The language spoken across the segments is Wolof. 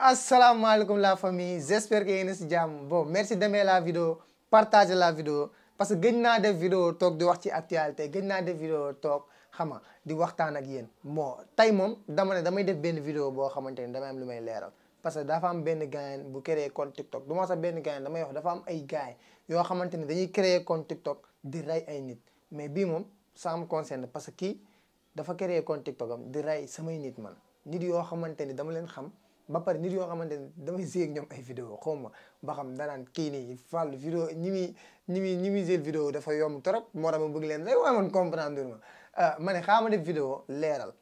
asalaamaaleykum la famille j'espère que yéen a si jàmm bon merci d'aimer la vidéo partage la vidéo parce que gëj naa def vidéo toog di wax ci actualité gëj naa def vidéo toog xama di waxtaan ak yéen moo tey moom dama damay def benn vidéo boo xamante ni damay am lu may leeral parce que dafa am benn gaayen bu créer compte TikTok du ma sax benn gaayen damay wax dafa am ay gaayen yoo xamante ni dañuy créer compte TikTok di rey ay nit mais bii moom ça me concerne parce que kii dafa créer compte di rey samay nit man nit yoo xamante ni dama leen xam ba pare nit yoo xamante ne damay seeg ñoom ay vidéo xaw ma ba xam danaan kii nii fàll vidéo ñi muy ñi dafa yomb trop moo tax ma bëgg leen lay waaye man comprendre ma ah, ma ne xaama def vidéo leeral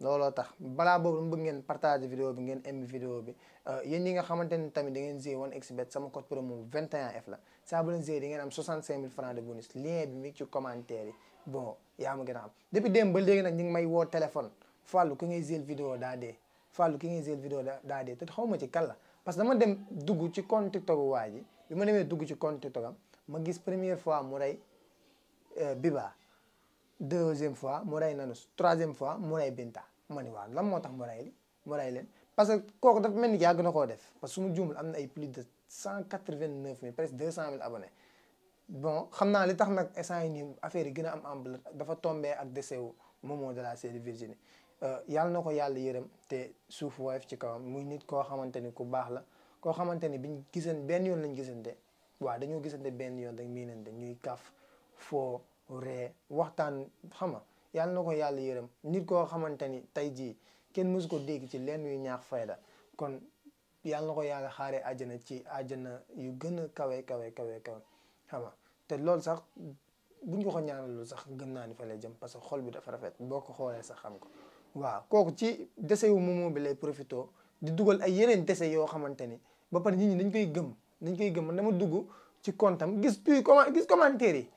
looloo tax balaa boobu mu bëgg ngeen partage vidéo bi ngeen aimé vidéo bi ah, yéen ñi nga xamante ne tamit da ngeen jouer 1xBet sama code promo 21F la saa bu leen jouer da ngeen am 65 francs de bonus lien bi mi ci commentaire yaa ma gën a xam léegi nag ñu ngi may woo téléphone fàllu ku ngay jël Fallou ki ngay jël vidéo daa dee te xaw ma ci kan la parce que dama dem dugg ci compte TikTok waa ji bi ma demee dugg ci compte ma gis première fois mu rey euh, Biba deuxième fois mu rey Nanus troisième fois mu rey Binta ma ni waaw lan moo tax mu rey li mu rey leen parce que kooku dafa mel ni yàgg na koo def parce que su mu juumul am na ay plus de cent vingt neuf mille presque deux cent mille abonnés bon xam naa li tax nag instant yi nii affaire yi gën a am ampleur dafa tombé ak décès wu Momo de la série Virginie Euh, yàlla na ko yàlla yërëm te suuf woyof ci kawam muy nit koo xamante ni ku baax la koo xamante ni biñ gisan benn yoon lañ gisante waaw dañoo gisante benn yoon rek miinante ñuy kaf foo ree waxtaan xama yàlla na ko yàlla yërëm nit koo xamante ni tey jii kenn mësu ko dégg ci lenn yu ñaax fayda kon yàlla ko yàlla xaaree àjjana ci àjjana yu gën a kawe kawe kawe kawe xama te loolu sax buñ ko ko ñaanalul sax gën naa ni fa lay jëm parce que xol bi dafa rafet boo ko xoolee sax xam ko waaw kooku ci dese yu moomoo bi lay profité di dugal ay yeneen dese yoo xamante ni ba pare nit ñi dañ koy gëm dañ koy gëm man dama dugg ci kontam gis puis comment gis commentaire yi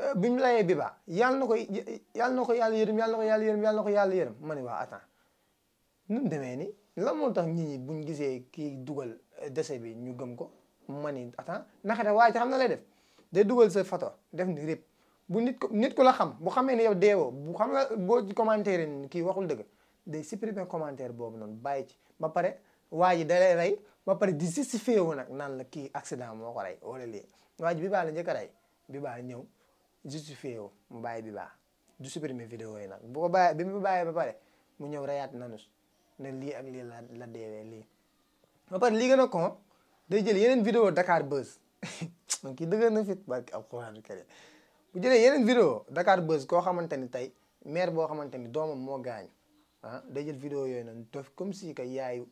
euh, bi mu layee bi ba yàlla na ko yàlla na ko yàlla yërëm yàlla ko yàlla yërëm yàlla ko yàlla yërëm ma ne waa attends nu demee ni lan moo tax nit ñi buñ gisee kii dugal euh, dese bi ñu gëm ko ma ni attends naka da waaye ci xam na lay def de dugal sa photo def ni rép bu nit ko nit ku la xam bu xamee ne yow deewoo bu xam nga boo commentaire ni kii waxul dëgg day supprimer commentaire boobu noonu bàyyi ci ba pare waa da dalay rey ba pare di justifié wu nag naan la kii accident moo ko wala lii waa bi baa la njëkk a bi baa ñëw justifié wu mu bàyyi bi du supprimer vidéo yi nag bu ko bàyyi bi mu bàyyee ba pare mu ñëw reyaat nanus ne lii ak lii la la deewee lii ba pare lii gën a kon day jël yeneen vidéo Dakar Buzz man kii dëgg na fit barke alxuraan karim bu jëlee yeneen vidéo Dakar Buzz koo xamante ni tey maire boo xamante ni doomam moo gaañ ah day jël vidéo yooyu noonu def comme si que yaayu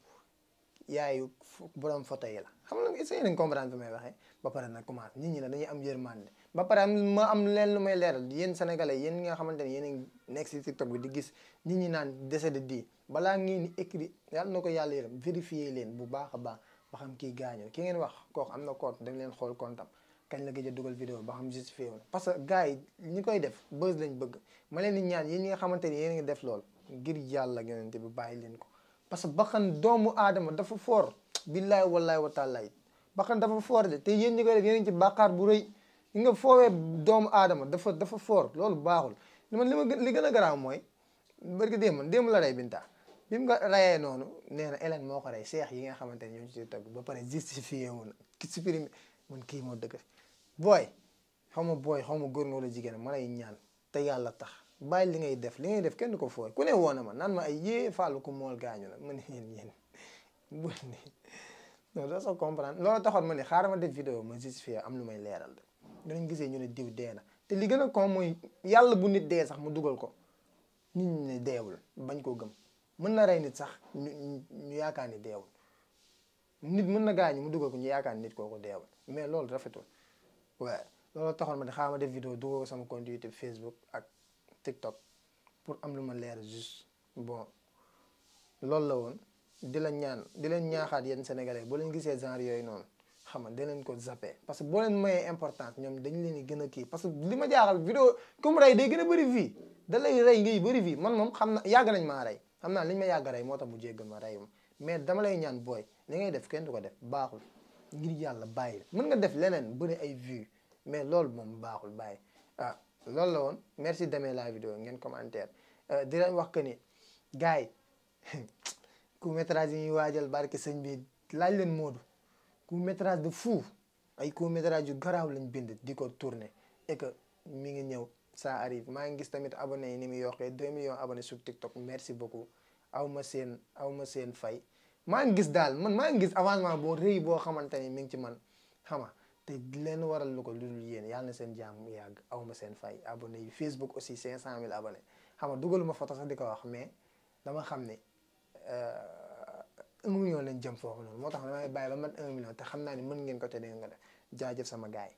yaayu borom photo yi la xam nga essayé nañ comprendre bi may waxee ba pare na commencé nit ñi nag dañuy am yërmande ba pare ma am leen lu may leeral yéen sénégalais yéen ñi nga xamante ni yéen nekk si TikTok bi di gis nit ñi naan décédé di balaa ngeen di écrit yàlla na ko yàlla yërëm vérifier leen bu baax a baax ba xam kii gaañoo ki ngeen wax kooku am na compte dem leen xool compte kañ la gëj a dugal vidéo ba xam justifié woon parce que gars yi ñi koy def buzz lañ bëgg ma leen di ñaan yéen ñi nga xamante ni yéen a ngi def lool ngir yàlla yonente bi bàyyi leen ko parce que bakkan doomu aadama dafa foor billaay wallaay wa taalaay bakkan dafa foor de te yéen ñi koy def yéen ci bàkkaar bu rëy ñi nga foowee doomu aadama dafa dafa foor loolu baaxul man li ma li gën a garaaw mooy barki démb démb la rey Binta bi mu nga rayee noonu nee na moo ko rey seex yi nga xamante ni ñoom ci togg ba pare justifié woon ki supprimer man kii moo dëgg booy xaw ma booy xaw ma góor nga wala jigéen ma lay ñaan te yàlla tax bàyyi li ngay def li ngay def kenn ko fooy ku ne woo na ma naan ma ay yee fàllu ku mool gaañu la ma ne yéen yéen bu ne non doo soo comprendre loolu taxoon ma ne xaaral ma def ma justifié am lu may leeral de gisee ñu ne diw dee na te li gën a ko mooy yàlla bu nit dee sax mu dugal ko nit ñi bañ koo gëm mën na rey nit sax ñu yaakaar ni deewul nit mën na gaañu mu dugal ko ñu yaakaar nit kooku deewul mais loolu rafetul waaw loolu taxoon ma ne xaaral de def vidéo dugal ko sama compte YouTube Facebook ak TikTok pour am lu ma leer juste bon loolu la woon di la ñaan di leen ñaaxaat yéen sénégalais boo leen gisee genre yooyu noonu xam nga dinañ ko zappé parce que boo leen mayee importance ñoom dañ leen di gën a kii parce que li ma jaaxal vidéo comme rey day gën a bëri vie da lay rey ngay bëri vie man moom xam na yàgg nañ maa rey xam naa li liñ ma yàgg rey moo tax mu jéggal ma reyum mais dama lay ñaan booy li ngay def kenn du ko def baaxul ngir yàlla bàyyi mën nga def leneen bëri ay vues mais loolu moom baaxul bàyyi ah loolu la woon merci demee la vidéo ngeen commentaire euh, di leen wax que ni gars yi court métrage yi ñuy waajal barke sëñ bi laaj leen moodu ku métrage de fou ay court métrage yu garaaw lañ bind di ko tourner et que mi ngi ñëw saa arrive maa ngi gis tamit abonné yi ni mu yokkee deux millions abonné sur TikTok merci beaucoup aw ma seen aw ma seen fay maa ngi gis daal man maa ngi gis avancement boo rëy boo xamante ni mi ngi ci man xama te leen waral lu ko lu dul yéen yàlla na seen jàmm yàgg aw ma seen fay abonné yi Facebook aussi 500000 abonné xam nga dugaluma photo sax di ko wax mais dama xam ne 1 euh, million lañ jëm foofu noonu moo tax damay bàyyi la man 1 million te xam naa ne mën ngeen ko te dégg nga def jaajëf sama gars